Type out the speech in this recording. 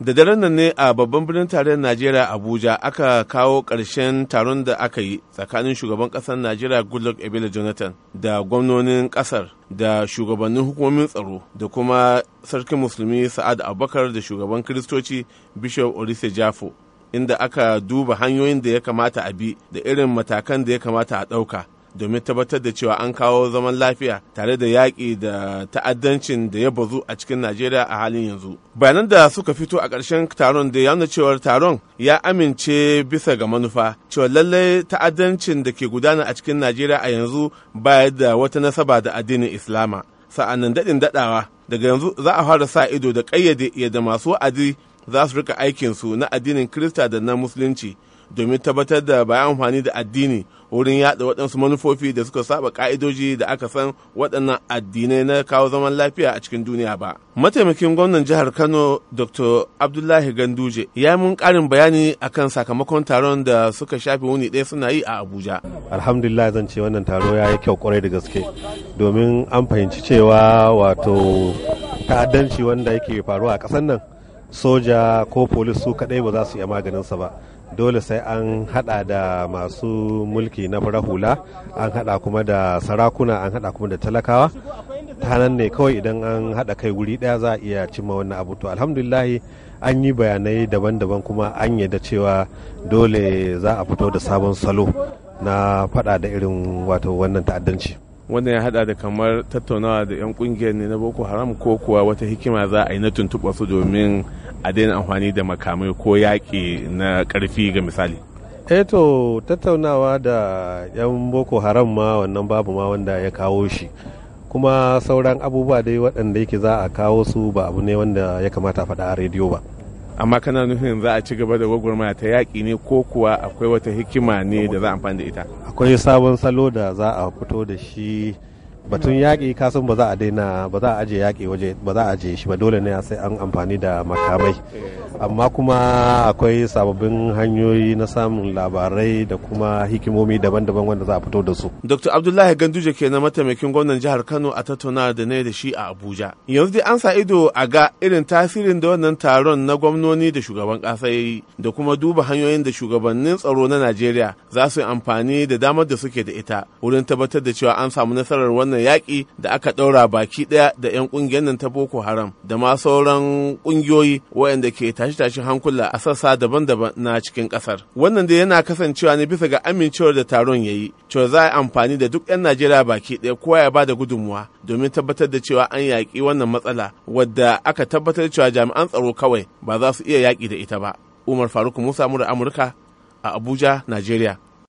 da daren nan ne a babban birnin tarayyar najeriya abuja aka kawo ƙarshen taron da aka yi tsakanin shugaban ƙasar najeriya goodluck ebele jonathan da gwamnonin ƙasar da shugabannin hukumomin tsaro da kuma sarkin musulmi sa'ad abubakar da shugaban kiristoci bishop orise jafo inda aka duba hanyoyin da ya kamata a bi da irin matakan da ya kamata a ɗauka domin tabbatar da cewa an kawo zaman lafiya tare da yaƙi da ta'addancin da ya bazu a cikin Najeriya a halin yanzu. Bayanan da suka fito a ƙarshen taron da ya nuna cewar taron ya amince bisa ga manufa cewa lallai ta'addancin da ke gudana a cikin Najeriya a yanzu baya da wata nasaba da addinin Islama. Sa'annan daɗin daɗawa daga yanzu za a fara sa ido da ƙayyade yadda masu wa'azi za su rika aikinsu na addinin Kirista da na Musulunci domin tabbatar da bayan amfani da addini wurin yaɗa waɗansu manufofi da suka saba ka'idoji da aka san waɗannan addinai na kawo zaman lafiya a cikin duniya ba. Mataimakin gwamnan jihar Kano Dr. Abdullahi Ganduje ya mun ƙarin bayani akan sakamakon taron da suka shafe wuni ɗaya suna yi a Abuja. Alhamdulillah zan ce wannan taro ya yi kyau kwarai da gaske domin an fahimci cewa wato ta'addanci wanda yake faruwa a ƙasar nan soja ko polis su kaɗai ba za su iya maganinsa ba dole sai an hada da masu mulki na fara hula an hada kuma da sarakuna an hada kuma da talakawa ta nan ne kawai idan an hada kai wuri daya za a iya cimma wannan abu to alhamdulillahi an yi bayanai daban-daban kuma an yadda cewa dole za a fito da sabon salo na fada da irin wato wannan ta'addanci wanda ya hada da kamar tattaunawa da 'yan kungiyar ne na boko haram ko kuwa wata hikima za a yi na tuntuɓa su domin a daina amfani da makamai ko yaƙi na ƙarfi ga misali eto eh tattaunawa da 'yan boko haram ma wannan babu ma wanda ya kawo shi kuma sauran abubuwa dai waɗanda yake za a kawo su ba abu ne wanda ya kamata faɗa a rediyo ba amma kana nufin za a ci gaba da gwagwarmaya ta yaƙi ne ko kuwa akwai wata hikima ne da za a amfani da ita akwai sabon salo da za a fito da shi batun yaƙi kasan ba za a daina ba za a aje yaƙi waje ba za a aje shi ba dole ne sai an amfani da makamai eh. amma kuma akwai sababbin hanyoyi na samun labarai da kuma hikimomi daban-daban wanda za a fito da su dr abdullahi ganduje ke na mataimakin gwamnan jihar kano a tattauna da ne da shi a abuja yanzu dai an sa ido a ga irin tasirin da wannan taron na gwamnoni da shugaban ƙasa da kuma duba hanyoyin da shugabannin tsaro na najeriya za su yi amfani da damar da suke da ita wurin tabbatar da cewa an samu nasarar wannan wannan yaƙi da aka ɗaura baki ɗaya da 'yan ƙungiyar nan ta Boko Haram da ma sauran ƙungiyoyi waɗanda ke tashi-tashi hankula a sassa daban-daban na cikin ƙasar. Wannan dai yana kasancewa ne bisa ga amincewar da taron ya yi, cewa za a amfani da duk 'yan Najeriya baki ɗaya kowa ya ba da gudunmuwa domin tabbatar da cewa an yaƙi wannan matsala wadda aka tabbatar cewa jami'an tsaro kawai ba za su iya yaƙi da ita ba. Umar Faruk Musa Mura Amurka a Abuja, Najeriya.